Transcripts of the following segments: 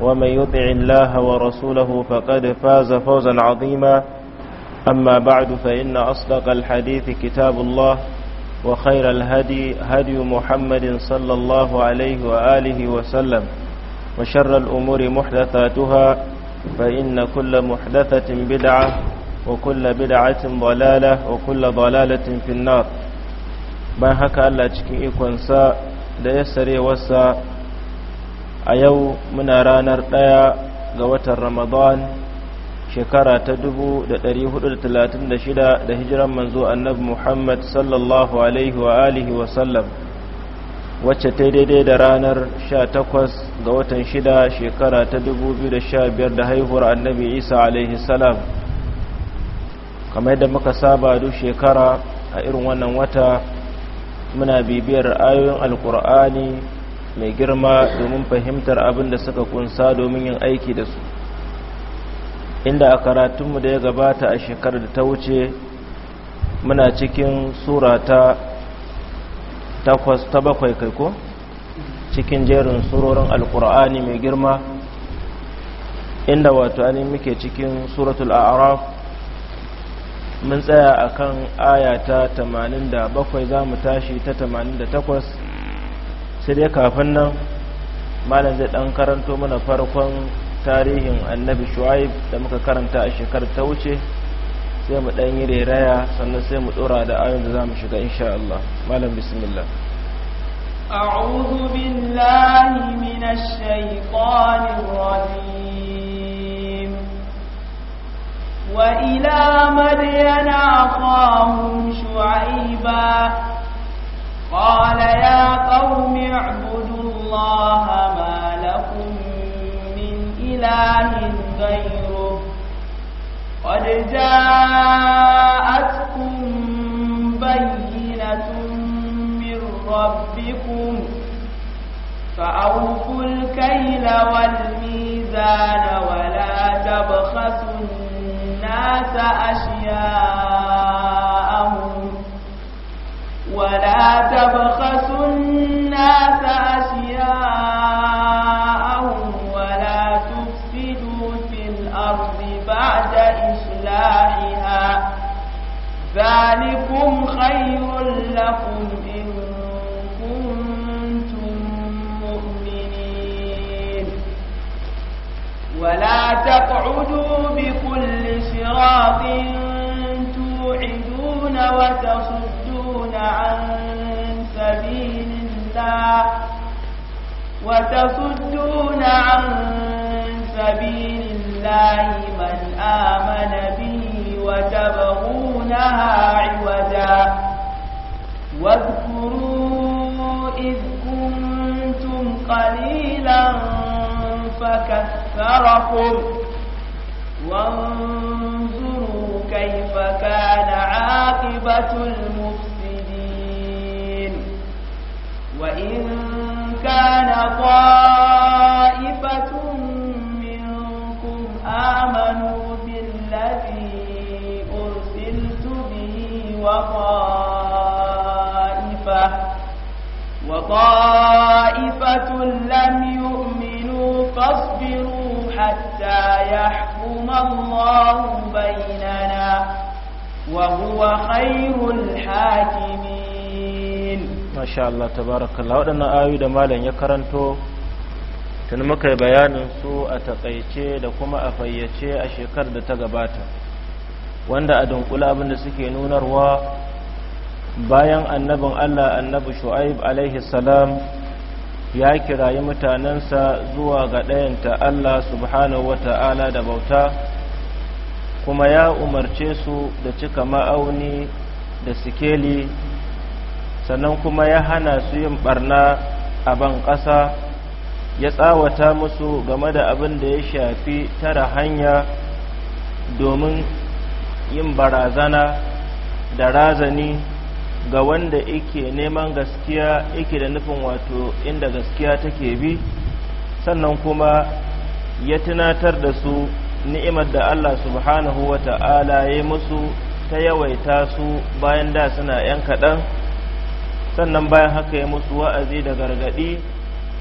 ومن يطع الله ورسوله فقد فاز فوزا عظيما أما بعد فإن أصدق الحديث كتاب الله وخير الهدي هدي محمد صلى الله عليه وآله وسلم وشر الأمور محدثاتها فإن كل محدثة بدعة وكل بدعة ضلالة وكل ضلالة في النار ما هكا الله تشكي إيكوانسا ليسري وسا a yau muna ranar ɗaya ga watan ramadan shekara ta 436 da hijiran manzo annabi muhammad sallallahu alaihi wa alihi wa sallam wacce ta daidai da ranar 18 ga watan 6 shekara ta 2015 da haihuwar annabi isa alaihi salam kamar yadda muka saba duk shekara a irin wannan wata muna bibiyar ayoyin alkur'ani mai girma domin fahimtar abin da suka kunsa domin yin aiki da su inda a karatunmu da ya gabata a shekarar da ta wuce muna cikin sura ta takwas ta bakwai kai ko cikin jerin surorin alkur'ani mai girma inda wato ani muke cikin suratul a'raf mun tsaya akan aya ta 87 za mu tashi ta 88 sai dai kafin nan malam zai dan karanto mana farkon tarihin annabi shu'aib da muka karanta a shekarar ta wuce sai mu dan yi reraya sannan sai mu ɗora da ayon da zamu shiga insha Allah malam bismillah أعوذ بالله من الشيطان الرجيم وإلى مدين أخاهم شعيباً قال يا قوم اعبدوا الله ما لكم من إله غيره قد جاءتكم بينة من ربكم فأوفوا الكيل والميزان ولا تبخسوا الناس أشياء ولا تبخسوا الناس أشياءهم ولا تفسدوا في الأرض بعد إصلاحها ذلكم خير لكم إن كنتم مؤمنين ولا تقعدوا بكل صراط توعدون وتصدون عن سبيل الله وتصدون عن سبيل الله من آمن به وتبغونها عوجا واذكروا إذ كنتم قليلا فكثركم وانظروا كيف كان عاقبة المؤمنين وإن كان طائفة منكم آمنوا بالذي أرسلت به وطائفة وطائفة لم يؤمنوا فاصبروا حتى يحكم الله بيننا وهو خير الحاكمين masha Allah tabarakallah waɗannan ayoyi da malam ya karanto tun muka bayanin su a taƙaice da kuma a fayyace a shekarar da ta gabata wanda a dunkula abin da suke nunarwa bayan annabin Allah annabi Shu'aib alaihi salam ya kirayi mutanensa zuwa ga ɗayanta Allah subhanahu wata'ala da bauta kuma ya umarce su da cika ma'auni da sikeli sannan kuma ya hana su yin barna a ban ƙasa ya tsawata musu game da abin da ya shafi tara hanya domin yin barazana da razani ga wanda ike neman gaskiya ike da nufin wato inda gaskiya take bi sannan kuma ya tunatar da su ni'imar da Allah subhanahu wa ta'ala ya musu ta yawaita su bayan da suna 'yan kaɗan sannan bayan haka ya musu wa'azi da gargadi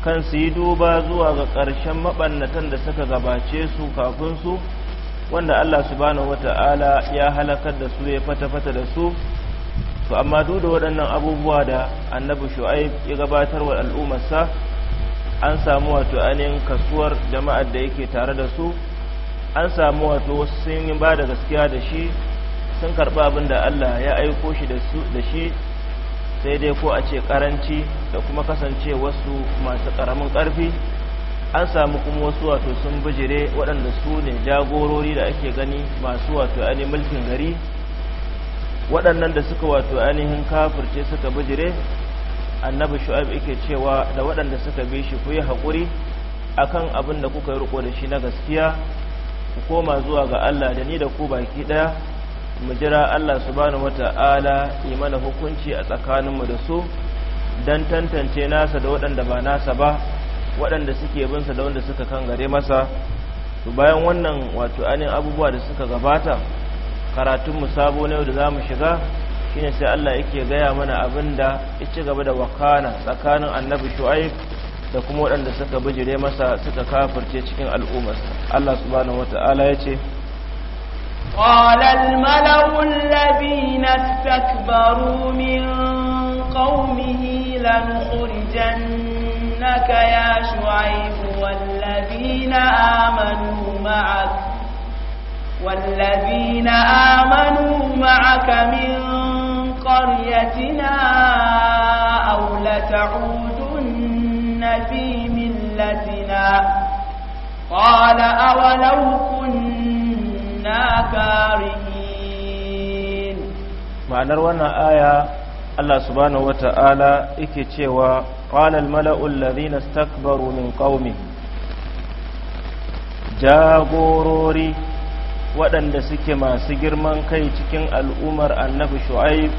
kan su yi duba zuwa ga ƙarshen maɓannatan da suka gabace su kafin su wanda Allah subhanahu wata'ala ya halakar da su ya fata-fata da su to amma duk da waɗannan abubuwa da annabi shu'aib ya gabatar wa al'ummarsa an samu wato anin kasuwar jama'ar da yake tare da su an samu wato sun yi ba da gaskiya da shi sun karɓi abin da Allah ya aiko shi da shi sai dai ko a ce karanci da kuma kasance wasu masu karamin karfi an samu kuma wasu wato sun bijire waɗanda su ne jagorori da ake gani masu wato ainihin mulkin gari waɗannan da suka wato ainihin kafirce suka bijire annabi shu'ab yake cewa da waɗanda suka bi shi ku yi haƙuri a kan abin da kuka yi riko da shi na gaskiya ku koma zuwa ga Allah da ni da ku baki ɗaya mu jira Allah subhanahu wata'ala yi mana hukunci a tsakaninmu da su don tantance nasa da waɗanda ba nasa ba waɗanda suke binsa da wanda suka gare masa to bayan wannan wato anin abubuwa da suka gabata karatunmu sabo yau da za mu shiga shine sai Allah yake gaya mana abin da ya ci gaba da wakana tsakanin annabi shu'aib da kuma waɗanda suka bijire masa suka kafirce cikin al'ummarsa Allah subhanahu wata'ala ya ce قال الملأ الذين استكبروا من قومه لنخرجنك يا شعيب والذين آمنوا معك والذين آمنوا معك من قريتنا أو لتعودن في ملتنا قال أولو كنا kunna karihin ma'anar wannan aya Allah subhanahu wata'ala yake cewa qala al-mala'u alladhina istakbaru min qaumi jagorori waɗanda suke masu girman kai cikin al'umar annabi shu'aib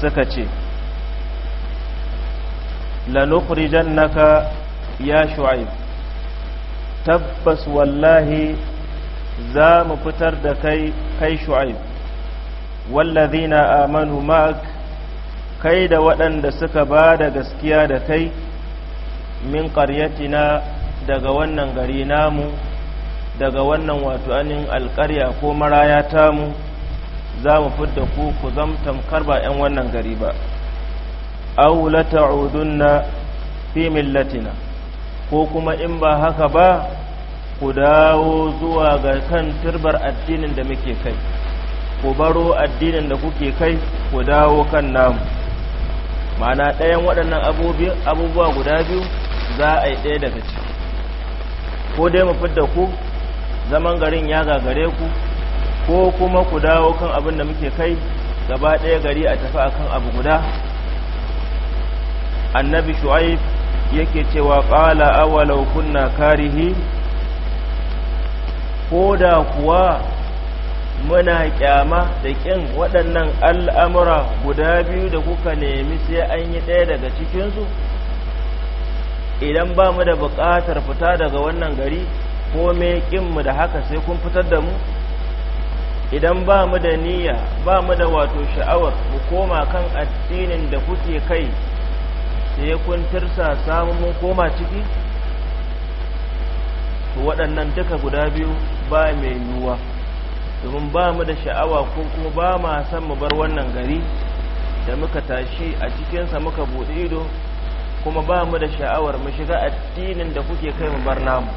suka ce lanukhrijannaka ya shu'aib tabbas wallahi za mu fitar da kai kai shu'aib wallazina amanu ma'ak kai da waɗanda suka ba da gaskiya da kai min ƙaryatina daga wannan gari namu daga wannan wato anin alƙarya ko maraya tamu za mu fidda ku ku zamtam karba 'yan wannan gari ba aw la ta'udunna fi millatina ko kuma in ba haka ba ku dawo zuwa ga kan turbar addinin da muke kai ku baro addinin da kuke kai ku dawo kan namu mana ɗayan waɗannan abubuwa guda biyu za a yi ɗaya daga ciki ko dai mu fidda ku zaman garin ya gagare ku ko kuma ku dawo kan abin da muke kai gaba ɗaya gari a tafi akan abu guda annabi shu'aib yake cewa ƙala awalau kunna karihi ko da kuwa muna kyama da ƙin waɗannan al'amura guda biyu da kuka nemi sai an yi ɗaya daga cikinsu idan ba mu da buƙatar fita daga wannan gari ko me ƙinmu da haka sai kun fitar da mu idan ba mu da niyya ba mu da wato sha'awar mu koma kan addinin da kuke kai sai kun tirsa samun mun koma ciki waɗannan duka guda biyu ba mai yiwuwa domin ba mu da sha'awa ko kuma ba ma san mu bar wannan gari da muka tashi a cikinsa muka buɗe ido kuma ba mu da sha'awar mu shiga addinin da kuke kai mu bar namu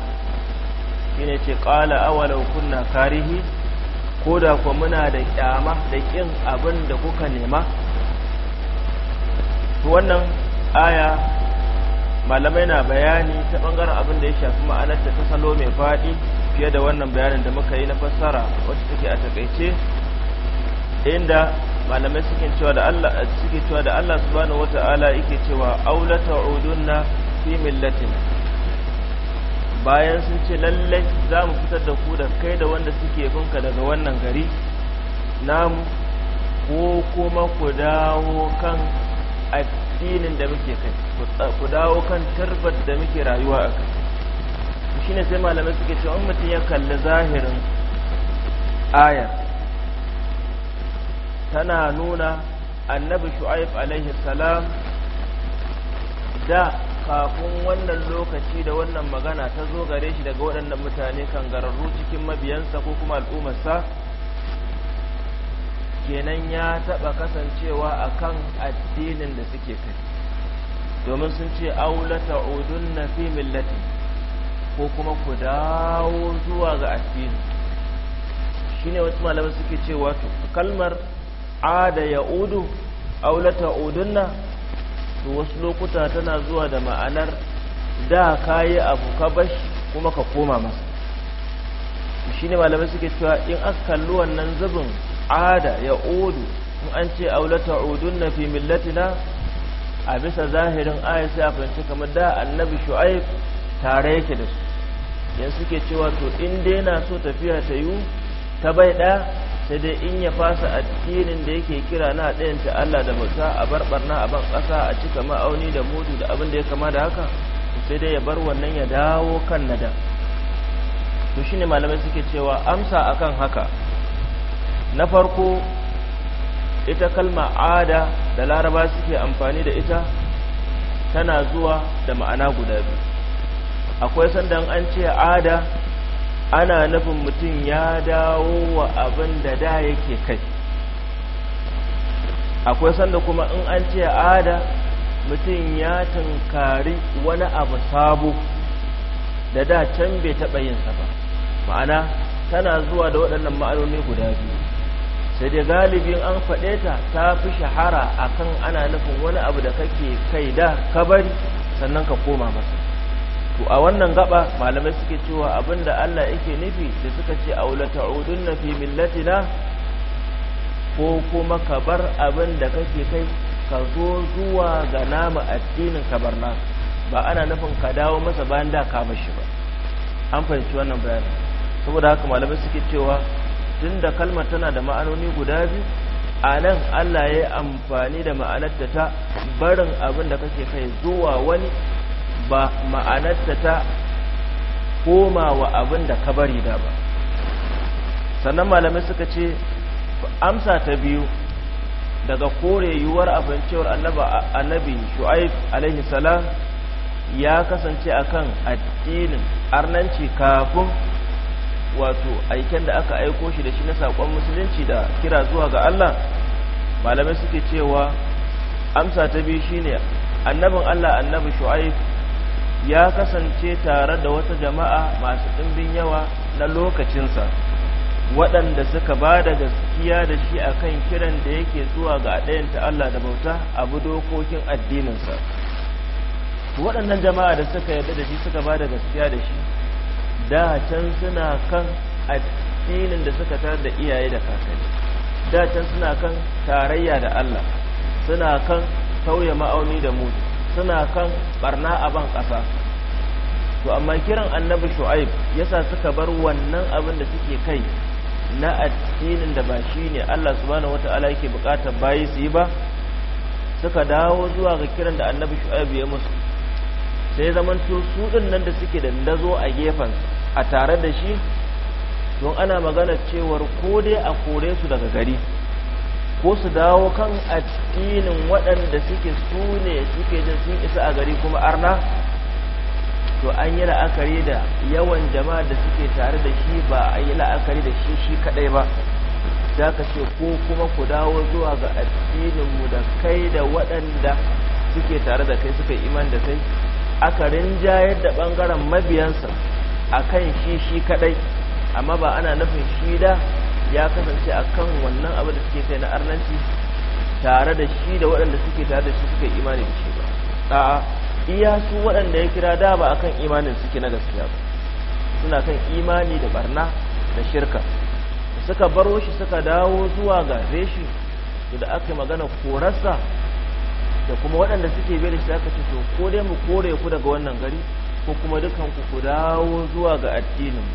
shine ce qala awalau kunna karihi ko da ku muna da kyama da kin abin da kuka nema wannan aya malamai na bayani ta bangaren abin da ya shafi ma'anar ta salo mai faɗi fiye da wannan bayanin da muka yi na fassara wacce take a takaice inda malamai suke cewa da Allah suke cewa da Allah subhanahu wata'ala yake cewa aulata udunna fi millatin bayan sun ce lallai za mu fitar da ku da kai da wanda suke funka daga wannan gari namu ko kuma ku dawo kan addinin da muke kai ku dawo kan tarbar da muke rayuwa a kai shine sai malamai suke cewa mutum ya kalli zahirin ayar tana nuna annabi shu'aib alaihi salam da kafin wannan lokaci da wannan magana ta zo gare shi daga waɗannan mutane kan gararru cikin mabiyansa ko kuma al'ummarsa kenan ya taɓa kasancewa a kan addinin da suke kai domin sun ce aulata udun na fi millati ko kuma ku dawo zuwa ga addini shine wasu malamai suke cewa to kalmar ada yaudu aw la ta'udunna to wasu lokuta tana zuwa da ma'anar da kai abu ka bashi kuma ka koma masa shine malamai suke cewa in aka kalli wannan zubin ada yaudu in an ce aw la ta'udunna fi millatina a bisa zahirin aya a fahimci kamar da annabi shu'aib tare yake da su yanzu suke cewa to in dai na so tafiya ta yiwu ta bai ɗaya sai dai in ya fasa addinin da yake kira na ɗayan ta Allah da bauta a barbarna a ban ƙasa a cika ma'auni da mudu da abin da ya kama da haka sai dai ya bar wannan ya dawo kan nada to shine malamai suke cewa amsa akan haka na farko ita kalma ada da laraba suke amfani da ita tana zuwa da ma'ana guda biyu akwai sandan an ce ada ana nufin mutum ya dawo wa abin da da yake kai akwai sanda kuma in an ce ada mutum ya tunkari wani abu sabo da da can bai taɓa yin sa ba ma'ana tana zuwa da waɗannan ma'anoni guda biyu sai dai galibin an faɗe ta ta fi shahara akan ana nufin wani abu da kake kai da kabari sannan ka koma masa to a wannan gaba malamai suke cewa abinda Allah yake nufi da suka ce aula ta'udunna fi millatina ko kuma kabar bar abinda kake kai ka zo zuwa ga namu addinin kabarna ba ana nufin ka dawo masa bayan da ka mashi ba an fahimci wannan bayanin saboda haka malamai suke cewa tunda kalmar tana da ma'anoni guda biyu a nan Allah ya yi amfani da ma'anarta ta barin abin da kake kai zuwa wani ba ma'anarta ta koma wa abin da ka bari da ba sannan malamai suka ce amsa ta biyu daga kore yiwuwar abincewar annabi shu'aib alaihi salam ya kasance a kan addinin arnanci kafin wato aiken da aka aiko shi da shi na sakon musulunci da kira zuwa ga Allah malamai suke cewa amsa ta biyu shine annabin Allah annabi shu'aib ya kasance tare da wata jama'a masu ɗimbin yawa na lokacinsa waɗanda suka ba da gaskiya da shi a kan kiran da yake zuwa ga ta Allah da bauta abu dokokin addininsa waɗannan jama'a da suka yarda da shi suka ba da gaskiya da shi da can suna kan addinin da suka tar da iyaye da kakanni da can suna kan tarayya da Allah suna kan tauye ma'auni da mutu suna kan barna a ban ƙasa to amma kiran annabi shu'aib yasa suka bar wannan abin da suke kai na addinin da ba shi ne Allah subhanahu wata'ala yake bukatar bayi su yi ba suka dawo zuwa ga kiran da annabi shu'aib ya musu sai zaman su su din nan da suke da ndazo a gefen a tare da shi don ana magana cewar ko dai a kore su daga gari ko su dawo kan addinin waɗanda suke su ne suke jin sun isa a gari kuma arna to an yi la'akari da yawan jama'a da suke tare da shi ba an yi la'akari da shi shi kaɗai ba za ka ce ko kuma ku dawo zuwa ga addininmu da kai da waɗanda suke tare da kai suka iman da kai aka rinjayar da ɓangaren mabiyansa a kan shi shi kaɗai amma ba ana nufin shi da ya kasance a kan wannan abin da suke kai na arnanci tare da shi da waɗanda suke tare da shi suke imani da shi ba a'a iya su waɗanda ya kira da ba akan imanin suke na gaskiya ba suna kan imani da barna da shirka suka baro shi suka dawo zuwa ga reshi da aka yi magana korarsa da kuma waɗanda suke bai da shi aka ce to ko dai mu kore ku daga wannan gari ko kuma dukan ku ku dawo zuwa ga addinin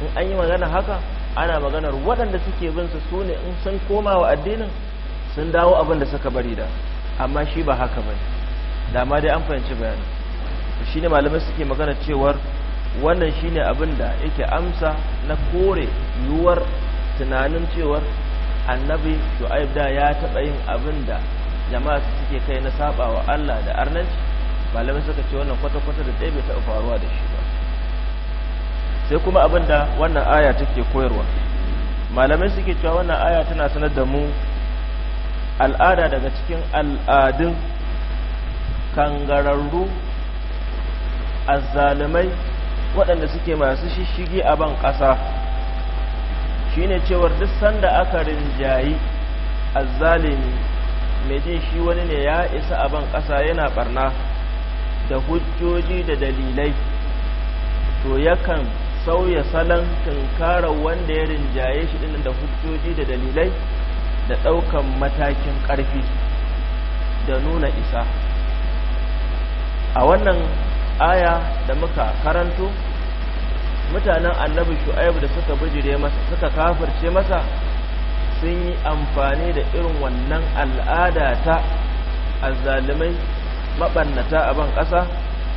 in an yi magana haka ana maganar waɗanda suke bin su su ne in sun koma wa addinin sun dawo abin da suka bari da amma shi ba haka ba da ma dai an fahimci bayanin shi ne malamai suke magana cewar wannan shi ne abin da yake amsa na kore yiwuwar tunanin cewar annabi shu'aib da ya taɓa yin abin da jama'a suke kai na saba wa allah da arnanci malamai suka ce wannan kwata-kwata da ɗaya bai taɓa faruwa da shi sai kuma abin da wannan aya take koyarwa malamai suke cewa wannan aya tana sanar da mu al'ada daga cikin al'adun kangararru azzalumai waɗanda suke masu shishigi a ban ƙasa shine cewar duk sanda aka rinjayi azzalumi mai jin shi wani ne ya isa a ban ƙasa yana ɓarna da hujjoji da dalilai to yakan sauya salon tunkarar wanda ya rinjaye shi ɗin da hujjoji da dalilai da ɗaukan matakin ƙarfi da nuna isa a wannan aya da muka karanto mutanen annabi shu'aibu da suka bijire masa suka kafirce masa sun yi amfani da irin wannan al'ada ta azzalimai mabannata a ban ƙasa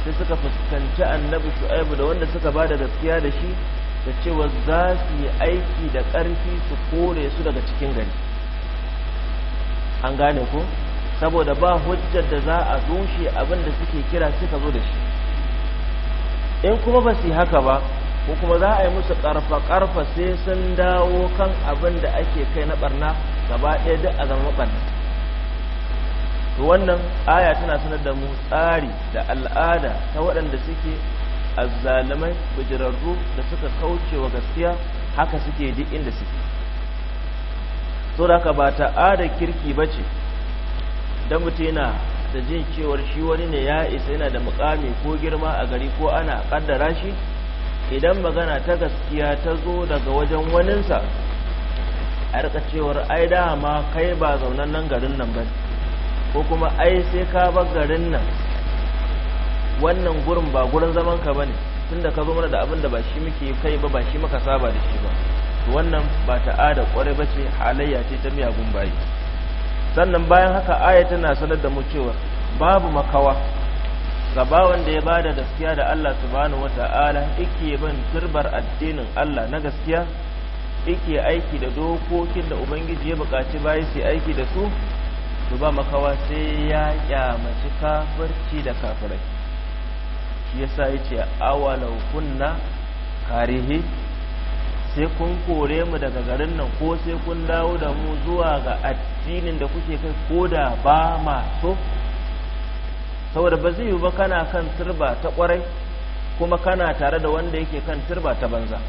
sai suka fuskanci annabi shu'aibu da wanda suka bada gaskiya da shi da cewa za su yi aiki da ƙarfi su kore su daga cikin gari an gane ku saboda ba hujjar da za a rushe abin da suke kira suka zo da shi in kuma ba su yi haka ba ko kuma za a yi musu ƙarfa-ƙarfa sai sun dawo kan abin da ake kai na ɓarna gaba ɗaya duk a zama ɓarna to wannan aya tana sanar da mu tsari da al'ada ta waɗanda suke azzalamai bijirarru da suka kauce wa gaskiya haka suke duk inda suke so da haka ba ada kirki ba ce don yana da jin cewa shi wani ne ya isa yana da mukami ko girma a gari ko ana kaddara shi idan magana ta gaskiya ta zo daga wajen waninsa a rika cewar ai ma kai ba zaunan nan garin nan ba ko kuma ai sai ka bar garin nan wannan gurin ba gurin zaman ka bane tunda ka zo mana da abin da ba shi muke kai ba ba shi muka saba da shi ba to wannan ba ta'ada kwarai bace halayya ce ta miyagun bayi sannan bayan haka aya tana sanar da mu cewa babu makawa gaba wanda ya bada gaskiya da Allah subhanahu wata'ala yake bin turbar addinin Allah na gaskiya yake aiki da dokokin da ubangiji ya bukaci bayi su aiki da su to ba makawa sai ya kyamaci kafirci da kafirai shi yasa yace awalau kunna karihi sai kun kore mu daga garin nan ko sai kun dawo da mu zuwa ga addinin da kuke kai ko da ba ma so saboda ba zai yi ba kana kan turba ta kwarai kuma kana tare da wanda yake kan turba ta banza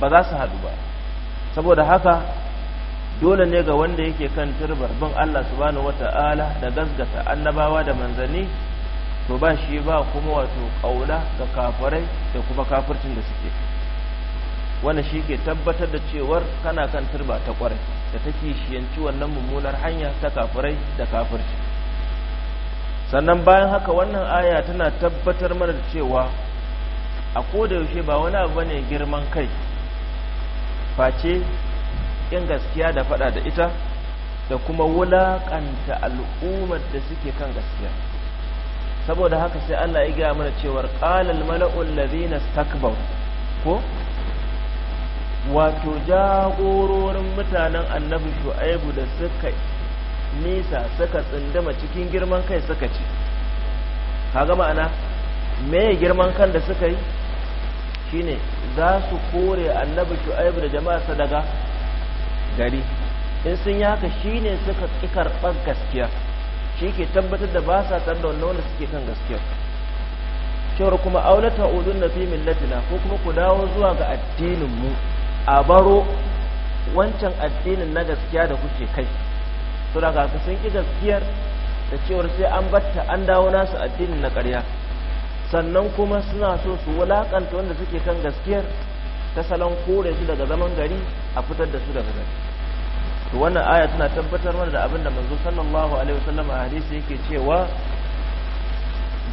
ba za su haɗu ba saboda haka dole ne ga wanda yake kan turbar bin Allah subhanahu wata'ala da gasgata annabawa da manzani, to ba shi ba kuma wato kaula ga kafirai da kuma kafircin da suke wanda shi ke tabbatar da cewar kana kan turba ta kwarai da ta kishiyanci wannan mummunar hanya ta kafirai da kafirci sannan bayan haka wannan aya tana tabbatar mana da cewa a koda yaushe ba wani abu ne girman kai face in gaskiya da faɗa da ita da kuma wulaƙanta al'ummar da suke kan gaskiya saboda haka sai Allah ya gaya mana cewar qalal mala'ul ladina stakbaru ko wato jagororin mutanen annabi shu'aibu da suka nisa suka tsindama cikin girman kai suka ce kaga ma'ana me girman kan da suka yi shine za su kore annabi shu'aibu da jama'arsa daga gari in sun yi haka shine suka ƙi karɓar gaskiya shi ke tabbatar da ba sa tsar da wanda suke kan gaskiya cewar kuma aulata ta'udun na fi millatina ko kuma ku dawo zuwa ga addininmu a baro wancan addinin na gaskiya da kuke kai su daga ka sun ƙi gaskiyar da cewar sai an batta an dawo nasu addinin na ƙarya sannan kuma suna so su wulaƙanta wanda suke kan gaskiyar ta salon kore su daga zaman gari a fitar da su daga gari to wannan aya tana tabbatar mana da abin da manzo sallallahu alaihi wasallam a hadisi yake cewa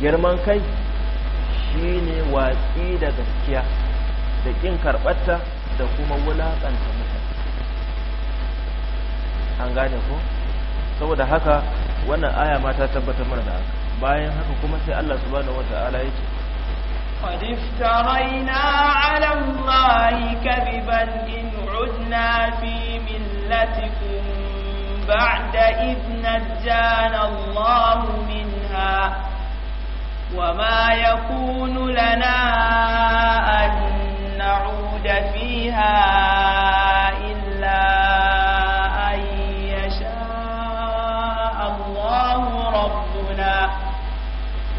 girman kai shine watsi da gaskiya da kin karbatta da kuma wulakanta mutane an gane ko saboda haka wannan aya ma ta tabbatar mana da haka bayan haka kuma sai Allah subhanahu wataala yake قد افترينا على الله كذبا إن عدنا في ملتكم بعد إذ نجانا الله منها وما يكون لنا أن نعود فيها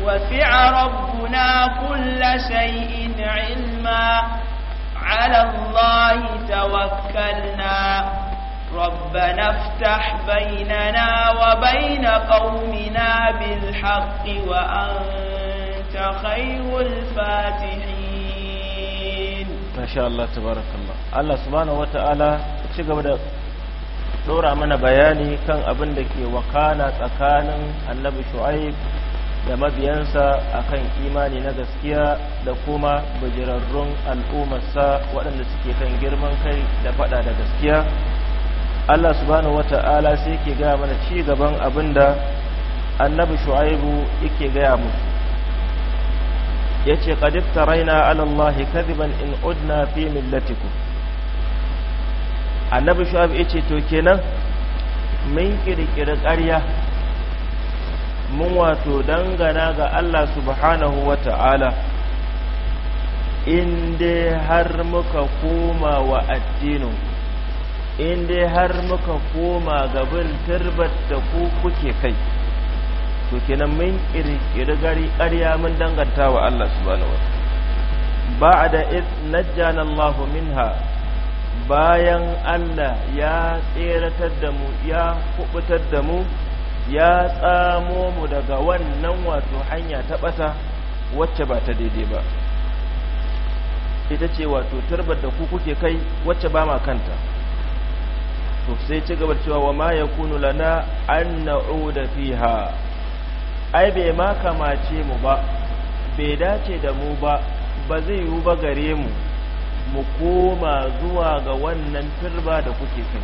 وسع ربنا كل شيء علما على الله توكلنا ربنا افتح بيننا وبين قومنا بالحق وأنت خير الفاتحين ما شاء الله تبارك الله الله سبحانه وتعالى شكرا بدأ بياني كان bayani kan abin da ke wakana da mabiyansa akan imani na gaskiya da kuma bujirarrun al'ummarsa waɗanda suke kan girman kai da faɗa da gaskiya Allah subhanahu wata'ala sai ke gaya mana ci gaban abinda annabi shu'aibu yake gaya musu yace qad raina raina alallahi kadiban in udna fi millatiku annabi shu'aibu ya ce to kenan mun kirkiri ƙarya mun wato dangana ga Allah subhanahu wa ta'ala in dai har muka koma wa addinin in har muka koma gabin turbar da ku kuke kai to kenan mun ƙirƙiri gari ƙarya mun danganta wa Allah subhanahu wa ba'da id najjana Allah minha bayan Allah ya tseratar da mu ya kubutar da mu ya tsamo mu daga wannan wato hanya ta bata wacce ba ta daidai ba ita ce wato turbar da ku kuke kai wacce ba ma kanta to sai ci gaba cewa wa ma yakunu lana an na'uda fiha ai bai ma kamace mu ba bai dace da mu ba ba zai yiwu ba gare mu mu koma zuwa ga wannan turba da kuke kai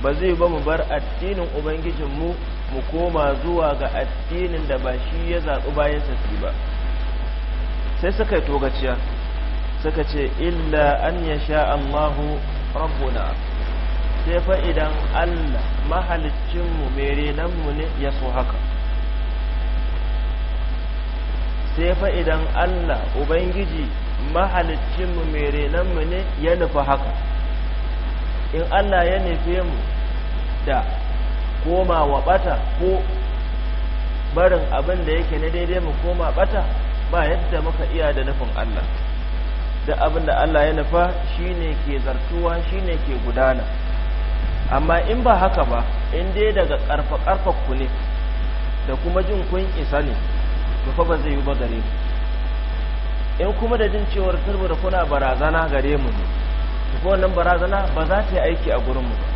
ba zai ba mu bar addinin ubangijinmu mu koma zuwa ga addinin da ba shi ya zaɓi bayan sassi ba sai suka yi togaciya suka ce illa an ya sha allahu rabbuna sai fa idan allah mahalicinmu mai renanmu ne ya so haka sai fa idan allah ubangiji mahalicinmu mai renanmu ne ya nufa haka in allah ya nufe mu da koma wa bata ko barin abin da yake na daidai mu koma bata ba yadda muka iya da nufin Allah da abin da Allah ya nufa shine ke zartuwa shine ke gudana amma in ba haka ba in dai daga karfa karfa ku ne da kuma jin kun isa ne to fa zai yi ba gare mu in kuma da jin cewar turbu da kuna barazana gare mu ne to wannan barazana ba za ta yi aiki a gurin mu ba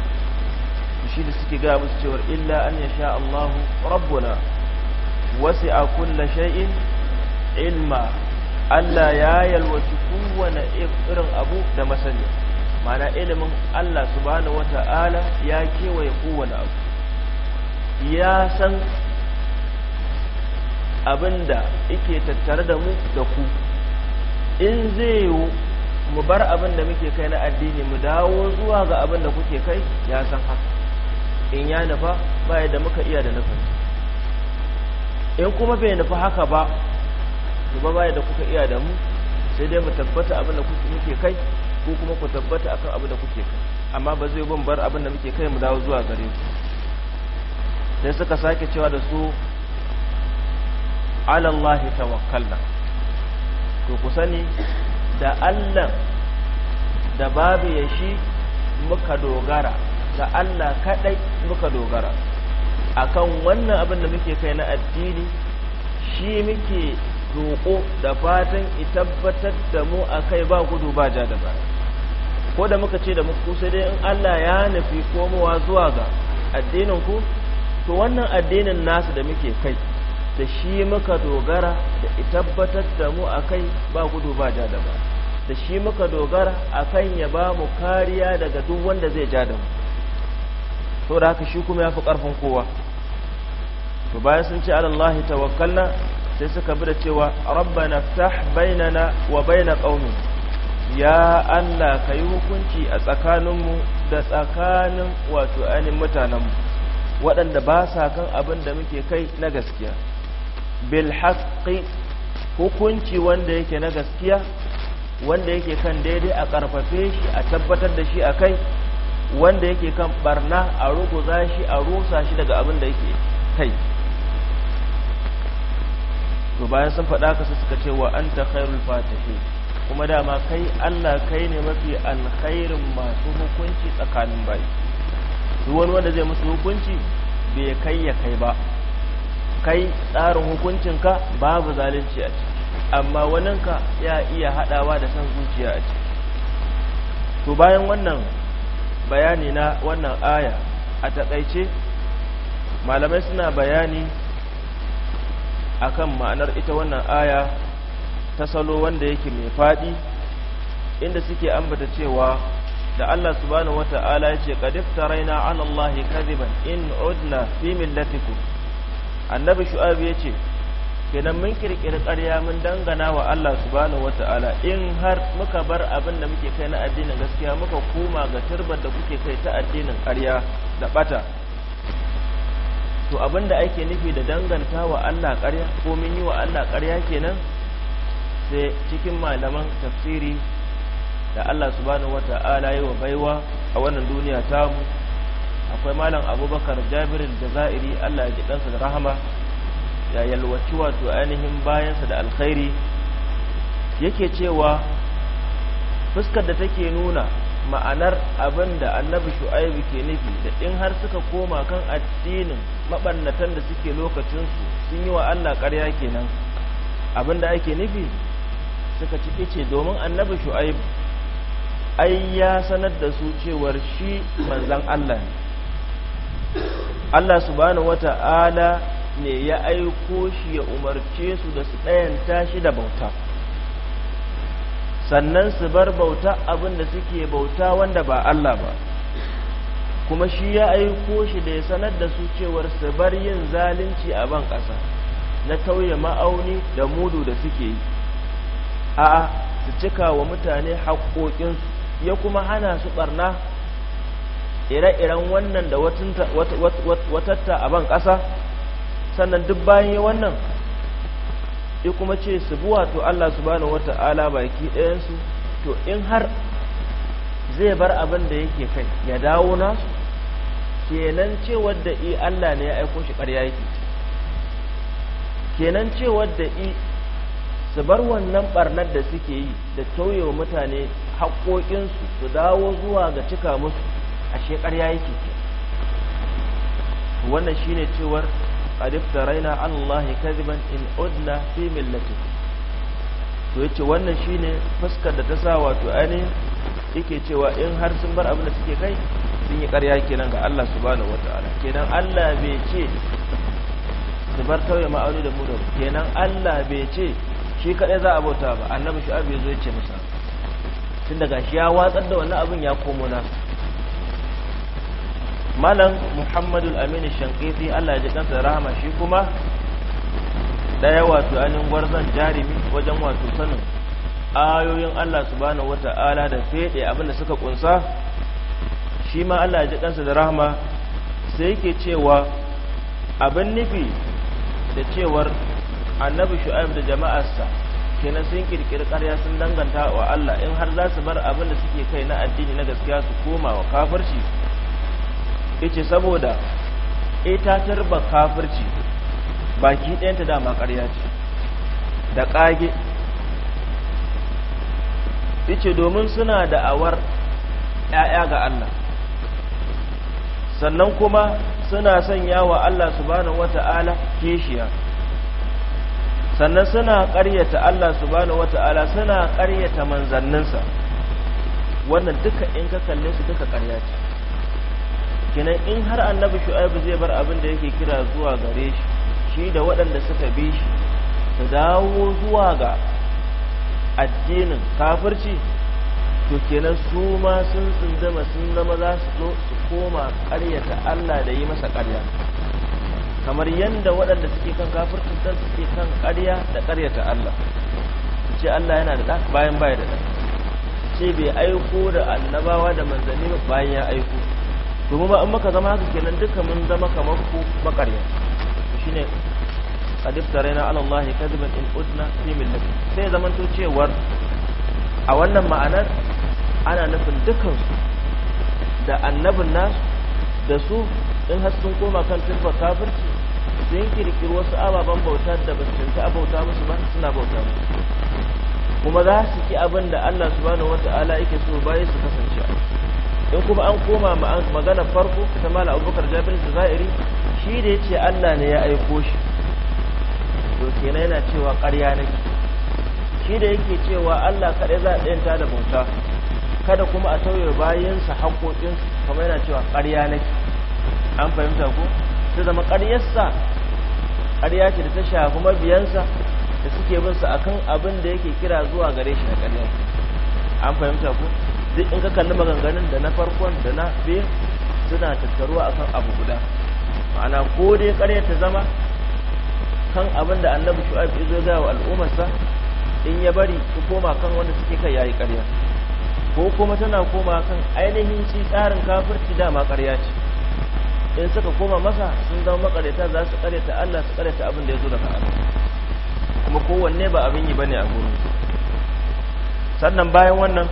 to shi suke gaya musu cewar illa an ya sha Allah rabbuna wasi a kulla shay'in ilma Allah ya yalwaci kowane irin abu da masani mana ilimin Allah subhanahu wata'ala ya kewaye kowane abu ya san abinda yake tattare da mu da ku in zai yi mu bar abin da muke kai na addini mu dawo zuwa ga abin da kuke kai ya san haka in ya nufa ba yadda muka iya da nufin in kuma bai nufi haka ba kuma ba yadda kuka iya da mu sai dai mu tabbata abin da muke kai ko kuma ku tabbata akan abin da kuke kai amma ba zai bin bar abin da muke kai mu dawo zuwa gare ku sai suka sake cewa da su alallahi tawakkalna to ku sani da Allah da babu ya shi muka dogara ga Allah kaɗai muka dogara akan wannan abin da muke kai na addini shi muke roƙo da fatan i tabbatar da mu akai ba gudu ba ja da ba ko da muka ce da muku sai dai in Allah ya nufi komowa zuwa ga addinin ku to wannan addinin nasu da muke kai da shi muka dogara da i tabbatar da mu akai ba gudu ba ja da ba da shi muka dogara akan ya ba mu kariya daga duk wanda zai ja da mu saboda haka shi kuma ya fi ƙarfin kowa to bayan sun ce alallahi tawakkalna sai suka bi da cewa rabbana ftah bainana wa baina qaumi ya Allah kai hukunci a tsakaninmu da tsakanin wato ainin mutanenmu waɗanda ba sa kan abin da muke kai na gaskiya bil haqqi hukunci wanda yake na gaskiya wanda yake kan daidai a ƙarfafe shi a tabbatar da shi a kai wanda yake kan barna a ruguza shi a rusa shi daga abin da yake kai to bayan sun faɗa ka suka ce wa an ta khairul fatihi kuma dama kai Allah kai ne mafi alkhairin masu hukunci tsakanin bai duk wani wanda zai musu hukunci bai kai ya kai ba kai tsarin hukuncin ka babu zalunci a ciki amma waninka ya iya haɗawa da san zuciya a ciki to bayan wannan bayani na wannan aya a takaice malamai suna bayani akan ma'anar ita wannan aya ta salo wanda yake mai faɗi inda suke ambata cewa da Allah subhanahu wata'ala yace qad iftaraina 'ala Allahi kadiban in udna fi millatikum annabi shu'aib yace kenan mun kirkiri ƙarya mun dangana wa Allah subhanahu wata'ala in har muka bar abin da muke kai na addinin gaskiya muka koma ga turbar da kuke kai ta addinin ƙarya da bata to abin da ake nufi da danganta wa Allah ƙarya ko mun yi wa Allah ƙarya kenan sai cikin malaman tafsiri da Allah subhanahu wata'ala yi wa baiwa a wannan duniya tamu akwai malam abubakar jabirin da za'iri allah ya ji ɗansa da rahama ya yalwaci wato ainihin bayansa da alkhairi yake cewa fuskar da take nuna ma'anar abin da annabi shu'aibu ke nufi da in har suka koma kan addinin mabannatan da suke lokacinsu sun yi wa allah ƙarya kenan abin da ake nufi suka cike ce domin annabi shu'aibu ai ya sanar da su cewar shi manzan allah ne allah subhanahu wata'ala ne ya aiko shi ya umarce su da su ɗayanta shi da bauta sannan su bar bauta abin da suke bauta wanda ba Allah ba kuma shi ya aiko shi da ya sanar da su cewar su bar yin zalunci a ban ƙasa na tauye ma'auni da mudu da suke yi a su cika wa mutane haƙoƙinsu ya kuma hana su ɓarna ire-iren wannan da watatta a ban ƙasa sannan duk bayan yi wannan ya kuma ce su bi to Allah su wata wata'ala baki ɗayansu to in har zai bar abin da yake kai ya dawo nasu kenan ce wadda i Allah ne ya aiko shi ƙarya yake kenan ce wadda i su bar wannan ɓarnar da suke yi da tauye wa mutane haƙoƙinsu su dawo zuwa ga cika musu a shekar yake wannan shine cewar qad iftaraina ala allahi kadiban in udna fi millati to yace wannan shine fuskar da ta sa wato ainihin yake cewa in har sun bar abin da suke kai sun yi ƙarya kenan ga Allah subhanahu wataala kenan Allah bai ce su bar tauye ma'auni da mu da kenan Allah bai ce shi kaɗai za a bauta ba annabi shu'aib ya zo ya ce musa tun daga shi ya watsar da wannan abin ya komo nasu malam Muhammadu aminu shankiti allah ya ji kansa rahama shi kuma daya wato anin gwarzon jarimi wajen wato sanin ayoyin allah subhanahu wata'ala da fede abinda suka kunsa shi ma allah ya ji kansa da rahama sai yake cewa abin nufi da cewar annabi shu'aib da jama'arsa kenan sun kirkiri karya sun danganta wa Allah in har za su bar abin da suke kai na addini na gaskiya su koma wa kafirci yace saboda itatar tarba kafirci baki ɗayanta dama ƙarya ce da ƙage yace domin suna da awar ‘ya'ya ga Allah sannan kuma suna sanya wa Allah subhanahu wata'ala kishiya sannan suna ƙaryata Allah subhanahu wata'ala suna ƙaryata manzanninsa wannan duka in ka kalle su duka ƙarya ce kenan in har annabi shu'aibu zai bar abin da yake kira zuwa gare shi shi da waɗanda suka bi shi su dawo zuwa ga addinin kafirci to kenan su ma sun tsindama sun zama za su zo su koma ƙaryata Allah da yi masa ƙarya kamar yadda waɗanda suke kan kafircin ta suke kan ƙarya da ƙaryata Allah su ce Allah yana da ɗan bayan baya da ɗan ce bai aiko da annabawa da manzanni bayan ya aiko domin ba in maka zama haka kenan duka mun zama kamar ku makarya shine qadibtare na Allah kadiban in udna fi millati sai zaman to cewar a wannan ma'anar ana nufin dukan su da annabin nasu da su in har sun koma kan turba kafirci sun kirkiri wasu ababen bauta da ba su a bauta musu ba suna bauta musu kuma za su ki abin da Allah subhanahu wata'ala yake so bayan su kasance in kuma an koma magana farko ta mala abubakar jabir zairi shi da ya ce allah ne ya aiko shi to kenan yana cewa ƙarya ne shi da yake cewa allah kaɗai za a ɗayanta da bauta kada kuma a tauye bayansa haƙoƙinsu kamar yana cewa ƙarya ne an fahimta ko ta zama ƙaryarsa karya ce da ta shafi mabiyansa da suke binsa akan abin da yake kira zuwa gare shi na ƙarya an fahimta ko duk in ka kalli maganganun da na farkon da na biyu suna tattaruwa akan abu guda ma'ana ko dai ƙarya ta zama kan abin da annabi shu'aib ya zo ga wa al'ummarsa in ya bari su koma kan wanda suke kai yayi karya ko kuma tana koma kan ainihin shi tsarin kafirci dama ƙarya ce in suka koma masa sun zama maƙaryata za su ƙaryata Allah su ƙaryata abin da ya zo daga Allah kuma kowanne ba abin yi bane a gurin sannan bayan wannan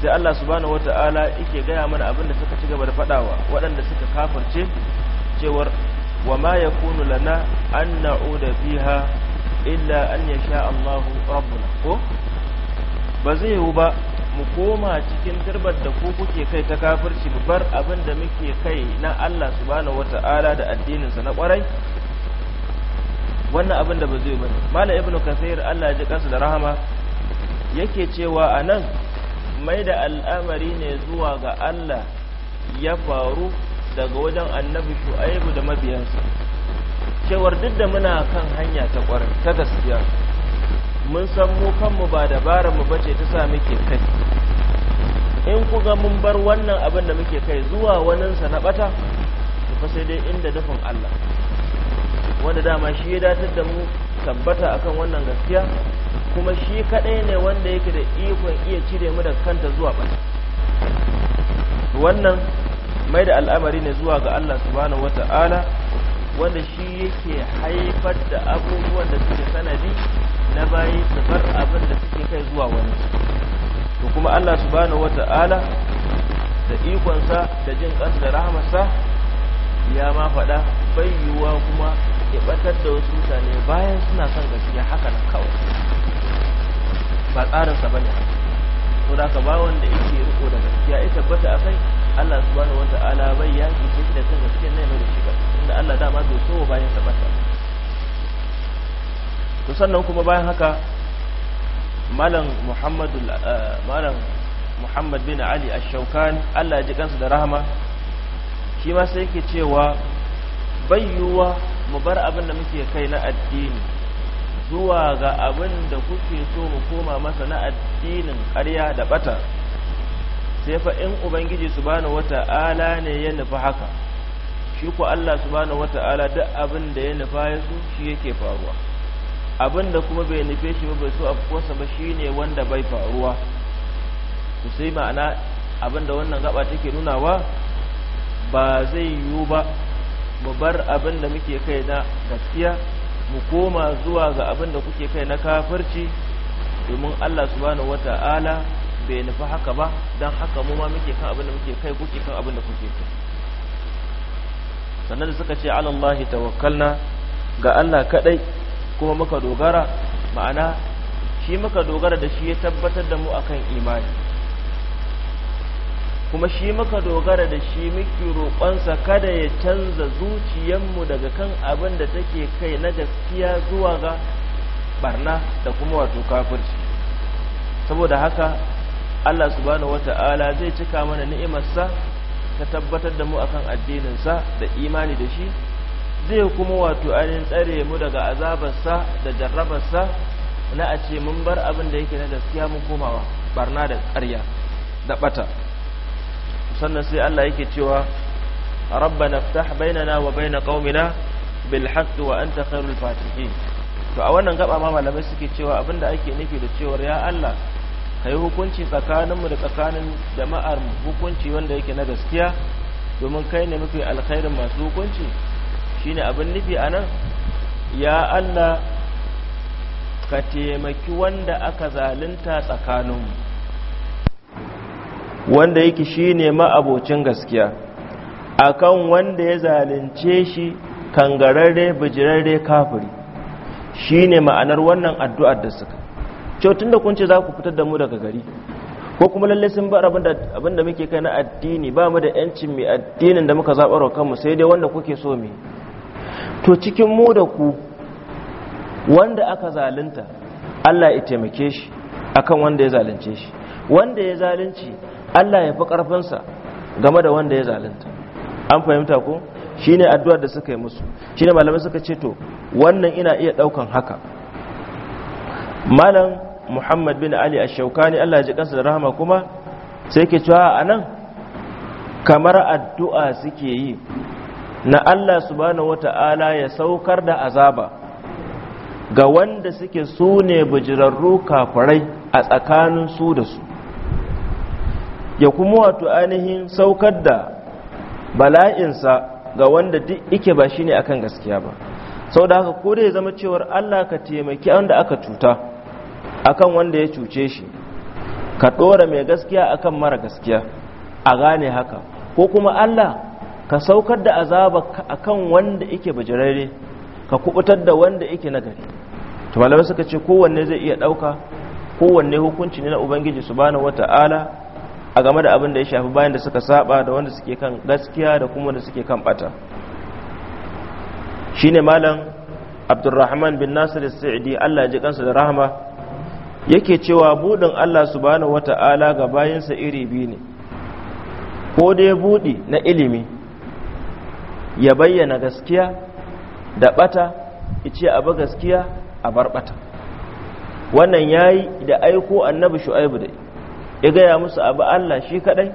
sai Allah subhanahu wata'ala yake gaya mana abin da suka ci gaba da fadawa waɗanda suka kafirce cewar wa ma yakunu lana an na'uda fiha illa an yasha Allah rabbuna ko ba zai yiwu ba mu koma cikin turbar da ku kuke kai ta kafirci mu bar abin da muke kai na Allah subhanahu wata'ala da addininsa na kwarai wannan abin da ba zai bane mala ibnu kasir Allah ya ji kansa da rahama yake cewa anan mai da al'amari ne zuwa ga Allah ya faru daga wajen annabi shu'aibu da mabiyansa cewar duk da muna kan hanya ta kwarai ta gaskiya mun san mu kanmu ba dabarar mu bace ta sa muke kai in ku ga mun bar wannan abin da muke kai zuwa waninsa na bata to fa dai inda dafin Allah wanda dama shi ya datar da mu tabbata akan wannan gaskiya kuma shi kadai ne wanda yake da ikon iya cire mu da kanta zuwa ba wannan mai da al'amari ne zuwa ga Allah subhanahu wata'ala wanda shi yake haifar da abubuwan da suke sanadi na bayi su bar abin da suke kai zuwa wani to kuma Allah subhanahu wata'ala da ikonsa da jin kansa da rahamarsa ya ma faɗa bayyuwa kuma ya batar da wasu mutane bayan suna son gaskiya haka na kawai ba tsarinsa ba ne to da ka ba wanda yake riko da gaskiya ya tabbata a kai Allah subhanahu wa ta'ala bai yaki shi da kan gaskiyar nan da shi ka inda Allah dama bai so bayan tabbata to sannan kuma bayan haka malam Muhammad eh, malam Muhammad bin Ali Ash-Shawkan Allah ya ji kansa da rahama shi ma sai yake cewa bayyuwa mu bar abin da muke kai na addini zuwa ga abin da kuke so mu koma masa na addinin ƙarya da bata sai fa in ubangiji subhanahu wata'ala ne ya nufi haka shi ku Allah subhanahu wata'ala duk abin da ya nufa ya so shi yake faruwa abin da kuma bai nufe shi ba bai so a kosa ba shine wanda bai faruwa to sai ma'ana abin da wannan gaba take nunawa ba zai yiwu ba mu bar abin da muke kai na gaskiya mu koma zuwa ga abin da kuke kai na kafirci domin Allah subhanahu wata'ala bai nufi haka ba don haka mu ma muke kan abin da muke kai kuke kan abin da kuke kai sannan suka ce alallahi tawakkalna ga Allah kadai kuma muka dogara ma'ana shi muka dogara da shi ya tabbatar da mu akan imani kuma shi muka dogara da shi muke roƙonsa kada ya canza zuciyarmu daga kan abin da take kai na gaskiya zuwa ga barna da kuma wato kafirci saboda haka Allah subhanahu wata'ala zai cika mana ni'imarsa ta tabbatar da mu akan addininsa da imani da shi zai kuma wato ainihin tsare mu daga azabarsa da jarrabarsa na a ce mun bar abin da yake na gaskiya mun komawa barna da ƙarya da ɓata sannan sai Allah yake cewa rabbana iftah bainana wa bain qaumina bil haqq wa anta khairul fatihin to a wannan gaba ma malamai suke cewa abinda ake nufi da cewa ya Allah kai hukunci tsakaninmu da tsakanin jama'ar hukunci wanda yake na gaskiya domin kai ne mafi alkhairin masu hukunci shine abin nufi anan ya Allah ka taimaki wanda aka zalunta tsakaninmu wanda yake shine ma'abocin gaskiya akan wanda ya zalunce shi kangararre bijirarre kafiri shi ne ma'anar wannan addu'ar da suka cewa da kun ce za ku fitar da mu daga gari ko kuma lalle sun bar abin da muke kai na addini ba mu da yancin mai addinin da muka zaɓar wa kanmu sai dai wanda kuke so mu to cikin mu da ku wanda aka zalunta Allah ya taimake shi akan wanda ya zalunce shi wanda ya zalunci Allah ya fi ƙarfinsa game da wanda ya zalunta an fahimta ku? Shi ne addu'ar da suka yi musu Shi ne malamai suka ce to wannan ina iya ɗaukan haka malam muhammad bin ali a ne. Allah ya ji ƙansa da rahama kuma sai ke cewa a nan kamar addu'a suke yi na Allah su subhanahu wata'ala ya saukar da azaba ga wanda suke su ne bijirarru kafarai a tsakanin su da su ya kuma wato ainihin saukar da bala'insa ga wanda duk ike ba shi ne akan gaskiya ba sau da haka ko da ya zama cewar Allah ka taimaki wanda aka cuta akan wanda ya cuce shi ka ɗora mai gaskiya akan mara gaskiya a gane haka ko kuma Allah ka saukar da azaba akan wanda ike bajirare ka kubutar da wanda ike nagari to malamai suka ce kowanne zai iya ɗauka kowanne hukunci ne na ubangiji subhanahu wata'ala a game da abin da ya shafi bayan da suka saba da wanda suke kan gaskiya da kuma da suke kan bata ne malam abdurrahman bin nasir sa'idi Allah ji kansa da rahama yake cewa budin Allah su subhanahu wata'ala ga bayansa iri biyu ne ko da ya budi na ilimi ya bayyana gaskiya da bata ice abu gaskiya a bar bata wannan yayi da aiko annabi shu'aibu dai ya gaya musu abu Allah shi kadai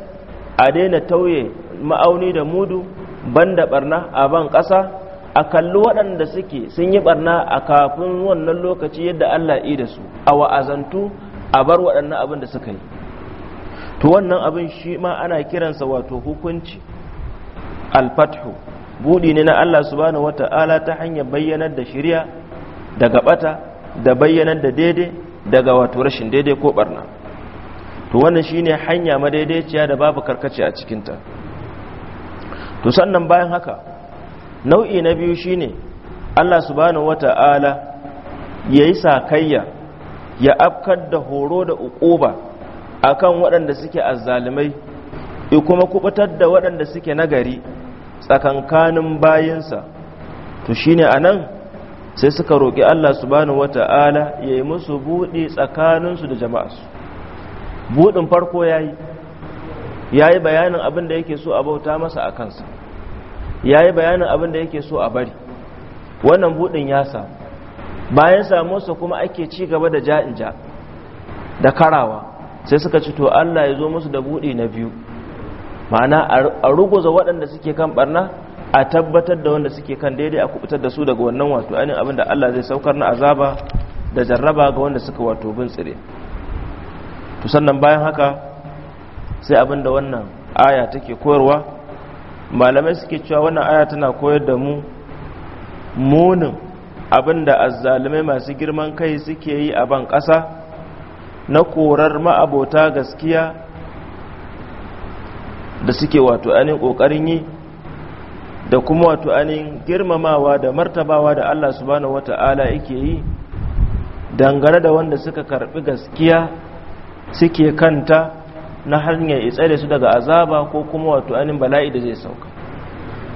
a daina tauye ma'auni da mudu banda barna a ban ƙasa a kalli waɗanda suke sun yi barna a kafin wannan lokaci yadda Allah yi da su a wa'azantu a bar waɗannan abin da suka yi to wannan abin shi ma ana kiransa wato hukunci alfathu buɗi ne na Allah subhanahu wata'ala ta hanyar bayyanar da shirya daga bata da bayyanar da daidai daga wato rashin daidai ko barna to wannan shine hanya madaidaiciya da babu karkace a cikinta to sannan bayan haka nau'i na biyu shine Allah subhanahu wata'ala yayi sakayya ya afkar da horo da ukuba akan waɗanda suke azzalumai i kuma kubutar da waɗanda suke nagari tsakankanin bayinsa to shine anan sai suka roƙi Allah subhanahu wata'ala yayi musu buɗe tsakaninsu da jama'arsu buɗin farko ya yi ya yi bayanin abin da yake so a bauta masa a kansa ya yi bayanin abin da yake so a bari wannan buɗin ya samu bayan samunsa kuma ake ci gaba da ja'in ja da karawa sai suka ci to allah ya zo musu da buɗi na biyu ma'ana a ruguza waɗanda suke kan barna a tabbatar da wanda suke kan daidai a kubutar da su daga wannan wato ainihin abin da allah zai saukar na azaba da jarraba ga wanda suka wato bin tsire to sannan bayan haka sai abinda wannan aya take koyarwa malamai suke cewa wannan aya tana koyar da mu munin abinda azzalumai masu girman kai suke yi a ban ƙasa na korar ma'abota gaskiya da suke wato anin ƙoƙarin yi da kuma wato anin girmamawa da martabawa da Allah subhanahu wata'ala yake yi dangane da wanda suka karbi gaskiya suke kanta na hanyar ya tsare su daga azaba ko kuma wato anin bala'i da zai sauka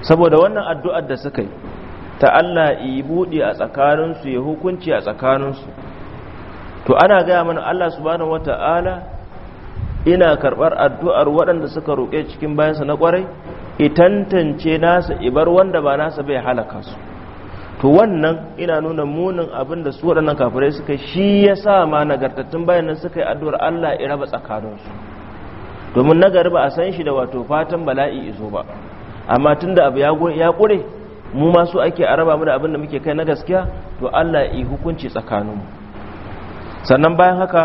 saboda wannan addu'ar da suka yi ta Allah yi buɗe a tsakaninsu ya hukunci a tsakaninsu to ana gaya mana Allah su subhanahu wata'ala ina karɓar addu'ar waɗanda suka roƙe cikin bayansa na ƙwarai tantance nasa ibar wanda ba nasa bai halaka su to wannan ina nuna munin abin da su waɗannan kafirai suka shi ya sa ma nagartattun bayan nan suka yi addu'ar Allah ya raba tsakaninsu domin nagari ba a san shi da wato fatan bala'i izo ba amma tun da abu ya ƙure mu ma ake a raba mu da abin da muke kai na gaskiya to Allah yi hukunci tsakaninmu sannan bayan haka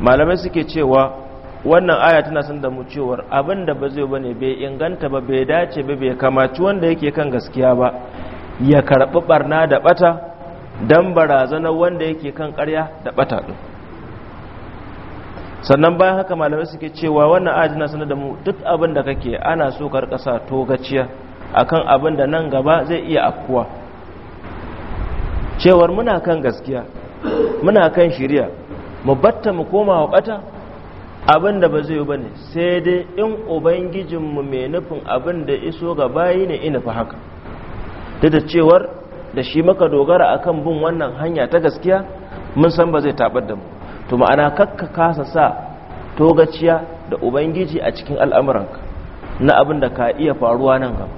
malamai suke cewa wannan aya tana san da mu cewar abin da ba zai bane bai inganta ba bai dace ba bai kamaci wanda yake kan gaskiya ba ya karɓi ɓarna da ɓata don barazanar wanda yake kan ƙarya da ɓata ɗin sannan bayan haka malamai suke cewa wannan ajina sanar da mu duk abin da kake ana so to rika togaciya akan abin da nan gaba zai iya afkuwa cewar muna kan gaskiya muna kan shirya mu batta mu koma wa ɓata abin da ba zai yi ne sai dai in ubangijinmu mai nufin abin da iso ga bayi ne ina fa haka da cewar da shi maka dogara akan bin wannan hanya ta gaskiya mun san ba zai tabar da mu to ma'ana kakka kasa sa togaciya da ubangiji a cikin al'amuranka na abin da ka iya faruwa nan gaba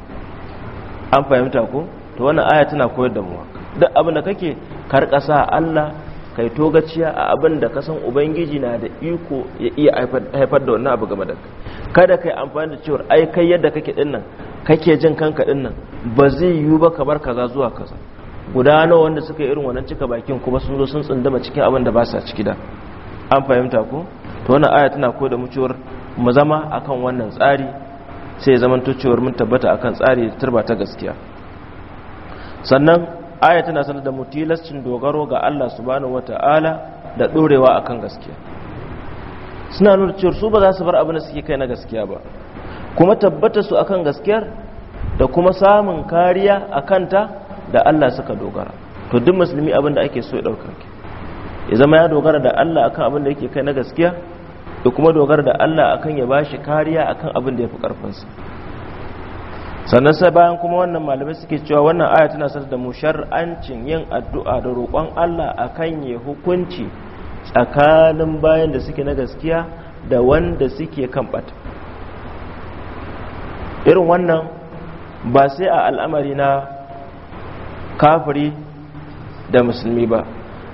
an fahimta ko to wannan aya tana koyar da mu duk abin da kake karkasa Allah kai to gaciya a abin da ka san ubangiji na da iko ya iya haifar da wannan abu game da kada kai amfani da cewar ai kai yadda kake din nan kake jin kanka din nan ba zai yiwu ba kamar kaza zuwa kaza guda nawa wanda suka yi irin wannan cika bakin kuma sun zo sun tsundama cikin abin da ba sa ciki da an fahimta ko to wannan aya tana koyar da mu cewar mu zama akan wannan tsari sai ya zama to cewar mun tabbata akan tsari turba ta gaskiya sannan aya tana sanar da mu dogaro ga Allah subhanahu wata'ala da dorewa akan gaskiya suna nuna cewa su ba za su bar abin da suke kai na gaskiya ba kuma tabbata su akan gaskiyar da kuma samun kariya akan ta da Allah suka dogara to duk musulmi abin da ake so ya dauka ya zama ya dogara da Allah akan abin da yake kai na gaskiya da kuma dogara da Allah akan ya bashi kariya akan abin da ya fi karfinsa sannan sai bayan kuma wannan malamai suke cewa wannan aya tana sanar da mu yin addu'a da roƙon Allah akan ya hukunci tsakanin bayan da suke na gaskiya da wanda suke kan bata irin wannan ba sai a al'amari na kafiri da musulmi ba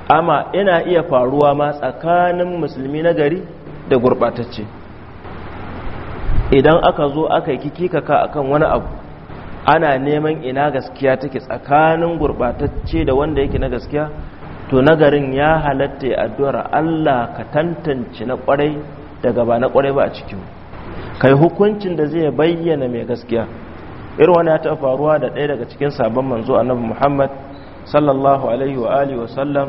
amma ina iya faruwa ma tsakanin musulmi na gari da gurɓatacce idan aka zo aka yi kikikaka akan wani abu ana neman ina gaskiya take tsakanin gurbatacce da wanda yake na gaskiya to nagarin ya halatta ya addu'ar Allah ka tantance na kwarai daga ba na kwarai ba a cikin kai hukuncin da zai bayyana mai gaskiya irin wani ta faruwa da ɗaya daga cikin sabon manzo annabi Muhammad sallallahu alaihi wa alihi wa sallam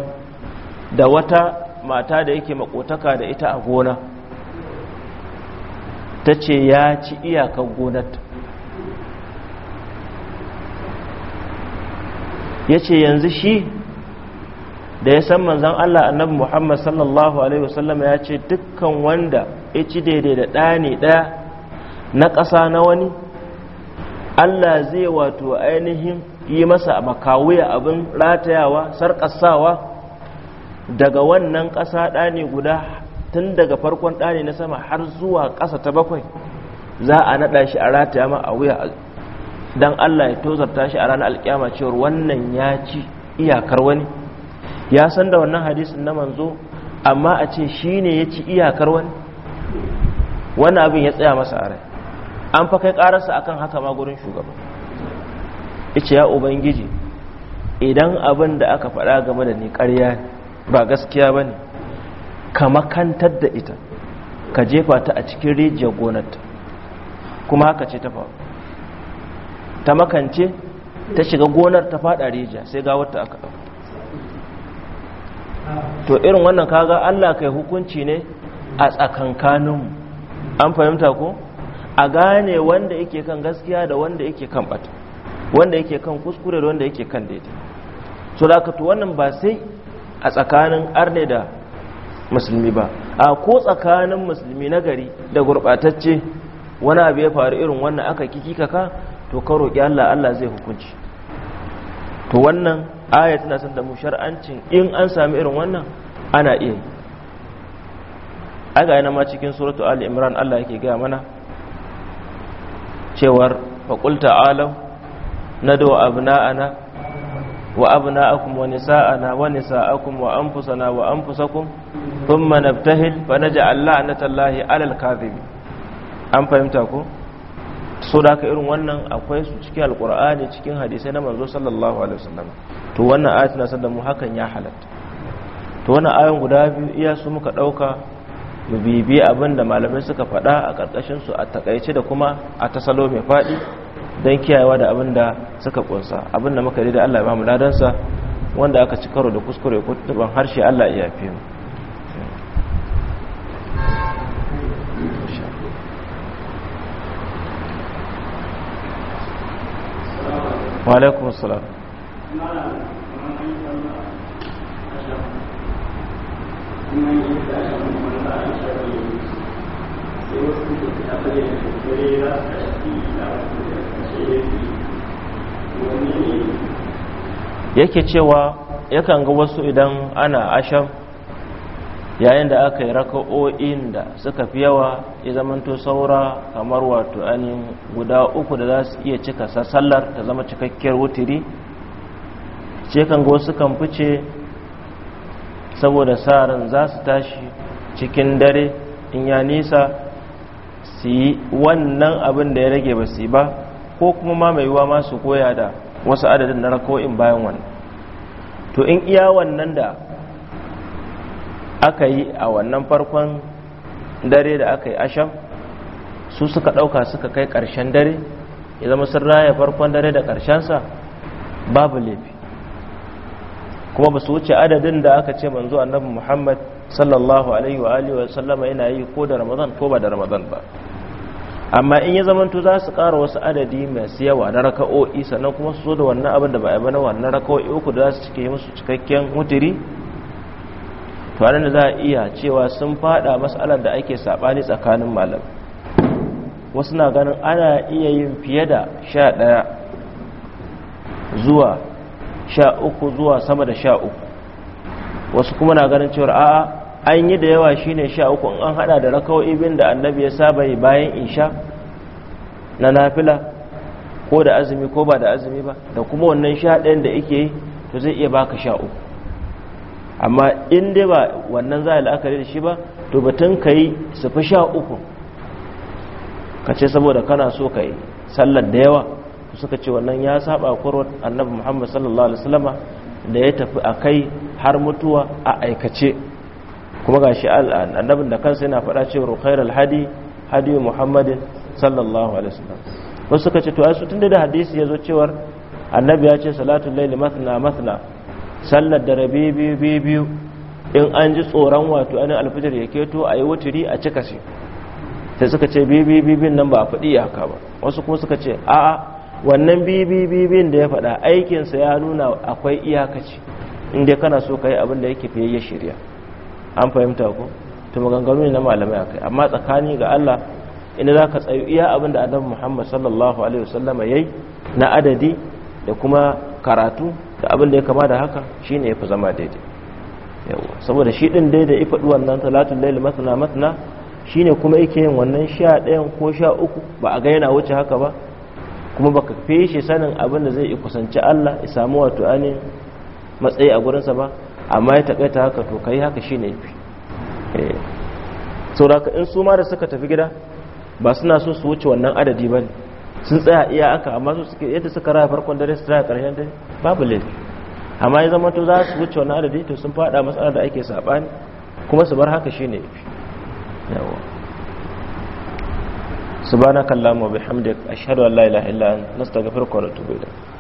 da wata mata da yake makotaka da ita a gona tace ya ci iyakar gonar. ya ce yanzu shi da ya san manzan Allah annabi Muhammad sallallahu Alaihi wasallam ya ce dukkan wanda ya ci daidai da ɗaya ne ɗaya na ƙasa na wani Allah zai wato ainihin yi masa makawuya abin ratayawa sarƙasawa daga wannan ƙasa ɗani guda tun daga farkon ɗani na sama har zuwa ƙasa ta bakwai za a naɗa shi a rataya ma a wuya dan Allah ya tozarta shi a ranar alkiyama cewar wannan ya ci iyakar wani ya san da wannan hadisin na manzo amma a ce shi ne ya ci iyakar wani wani abin ya tsaya masa a rai an fa kai kararsa akan haka ma gurin shugaba ice ya ubangiji idan abin da aka faɗa game da ni ƙarya ba gaskiya bane ka makantar da ita ka jefa ta a cikin rijiyar gonarta kuma haka ce ta faru ta makance ta shiga gonar ta fada rija sai ga wata aka to irin wannan kaga Allah kai hukunci ne a tsakankaninmu an fahimta ko a gane wanda yake kan gaskiya da wanda yake kan bata wanda yake kan kuskure da wanda yake kan daidai so da to wannan ba sai a tsakanin arne da musulmi ba a ko tsakanin musulmi na gari da gurɓatacce wani abu ya faru irin wannan aka kikikaka to ka roƙi Allah Allah zai hukunci to wannan aya tana son da mu shar'ancin in an sami irin wannan ana iya yi aga yana ma cikin suratu ali imran Allah yake gaya mana cewar faƙul ta'alau na da wa abna'ana wa abna'akum wa nisa'ana wa nisa'akum wa anfusana wa anfusakum thumma nabtahil fa naj'al la'natallahi 'alal kadhibin an fahimta ko so da haka irin wannan akwai su cikin alkur'ani cikin hadisai na manzo sallallahu alaihi wasallam to wannan ayat na sanda mu hakan ya halatta to wannan ayon guda biyu iya su muka dauka mu bibi abin malamai suka faɗa a ƙarƙashin su a takaice da kuma a tasalo mai faɗi dan kiyayewa da abin da suka kunsa abin muka yi da Allah ya bamu ladansa wanda aka ci karo da kuskure ko tuban harshe Allah ya yafe mu wa السلام yake cewa yakan ga wasu idan ana ashar yayin da aka yi raka'o'in da suka fi yawa ya zamanto saura kamar wato ainihin guda uku da za su iya cika sallar ta zama cikakkiyar wutiri ce kan go kan fice saboda saran za su tashi cikin dare in ya nisa su yi wannan abin da ya rage ba su ba ko kuma ma mai yiwa masu koya da wasu adadin na raka'o'in bayan wannan to in iya wannan da aka yi a wannan farkon dare da aka yi asham su suka ɗauka suka kai ƙarshen dare ya zama sun raya farkon dare da ƙarshensa babu laifi kuma ba su wuce adadin da aka ce manzo annabi muhammad sallallahu alaihi wa sallama yana yi ko da ramadan ko ba da ramadan ba amma in ya zamanto za su ƙara wasu adadi masu yawa na raka'o'i sannan kuma su zo da wannan abin da ba a yi ba na wannan raka'o'i uku da za su cike musu cikakken mutiri. to da za a iya cewa sun fada matsalar da ake sabani tsakanin malam wasu na ganin ana iya yin fiye da sha ɗaya zuwa sha uku zuwa sama da sha uku wasu kuma na ganin cewar a'a an yi da yawa shine sha uku an hada da rakawai bin da annabi ya saba yi bayan sha na nafila ko da azumi ko ba da azumi ba da kuma wannan sha ɗayan da ake yi to zai iya baka sha uku amma in dai ba wannan za a la'akari da shi ba to batun ka yi su fi sha uku ka ce saboda kana so ka yi sallar da yawa suka ce wannan ya saba kurwar annabi muhammad sallallahu alaihi wasallama da ya tafi a kai har mutuwa a aikace kuma ga shi annabin da kansa yana faɗa cewa rukhair hadi hadi muhammadin sallallahu alaihi wasallam wasu to ai su tunda da hadisi ya zo cewar annabi ya ce salatul laili mathna mathna sallar da rabe biyu biyu in an ji tsoron wato ainihin alfijir ya keto a yi wuturi a cika shi sai suka ce biyu nan ba a faɗi iyaka ba wasu kuma suka ce a'a wannan biyu da ya faɗa aikinsa ya nuna akwai iyakaci inda kana so ka yi abin da yake fiye ya shirya an fahimta ku to maganganu ne na malamai a kai amma tsakani ga Allah inda za ka tsayo iya abin da annabi Muhammad sallallahu alaihi wasallama yi na adadi da kuma karatu da abin da ya kama da haka shine fi zama daidai saboda shi ɗin daidai faɗi wannan salatul matsala matsala shi shine kuma yake yin wannan sha ɗayan ko sha uku ba a ga wuce haka ba kuma ba baka feshe sanin abin da zai kusanci Allah ya samu wato ani matsayi a gurinsa ba amma ya ta haka to ka yi haka shine fi eh. sauraka in su ma da suka tafi gida ba suna so su wuce wannan adadi ba ne sun tsaya iya aka amma su suke yadda suka raya farkon dare su tsaya karshen dare babu laifi amma ya zama to za su wuce wani adadi to sun fada matsala da ake sabani kuma su bar haka shine yafi yawa subhanakallahumma wa bihamdika ashhadu an la ilaha illa anta nastaghfiruka wa